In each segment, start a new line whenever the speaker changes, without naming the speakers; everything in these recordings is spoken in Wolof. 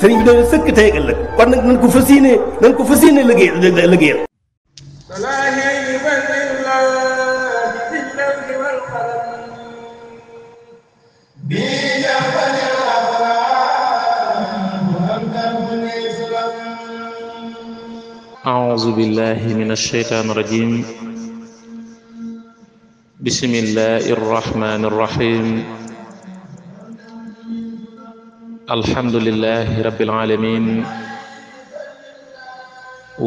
sëriñ bi dana sëkk tey ëllëg kon nag nañ ko fas yéene nañ ko fas yéene liggéeyal liggéeyal أعوذ بالله من الشيطان الرجيم بسم الله الرحمن الرحيم alhamdulilahi rabbil alamin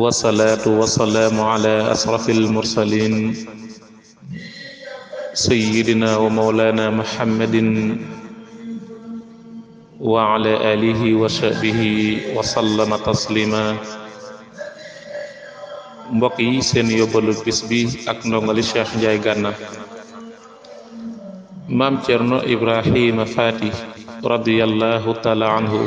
wasalaatu wasalaamu ala asrafil mursalin sayyidina wa mawlana muhammadin wa ala alihi wa taslima mbokk yi seen yóbbalu bis bi ak ndongali Cheikh Ndiaye Gana maam Cerno Ibrahima Faati radiyallahu taala anhu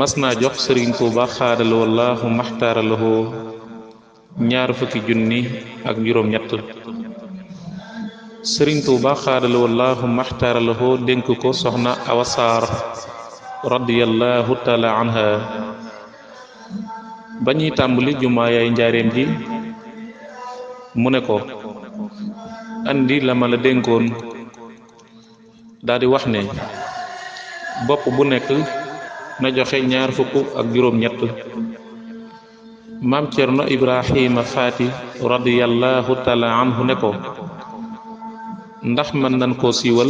mas naa jox sëriñ Tuuba xaadal wallahu maxtaaralahoo ñaar fukki junni ak juróom ñett sëriñ Tuuba xaadal wallahu maxtaaralahoo dénk ko soxna Awa Saar radiyallahu taala anha ba ñuy tàmbali jumaa yaay njaareem ji mu ne ko andi la ma la dénkoon daal di wax ne bopp bu nekk na joxe ñaar fukk ak juróom-ñett maam Cerno Ibrahima Faati radiyallahu taala anhu ko ndax mën nañ koo siiwal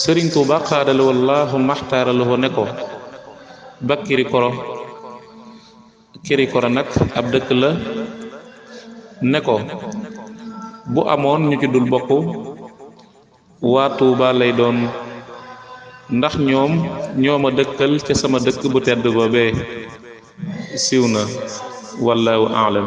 sëriñ Tuuba xaadala wallahu maxtaaraloo ne ko ba kirikoro kirikoro nag ab dëkk la ne ko bu amoon ñu ci dul bokk waa Tuuba lay doon ndax ñoom ñoo ma dëkkal ca sama dëkk bu tedd boobee siiw na wallaahu aalam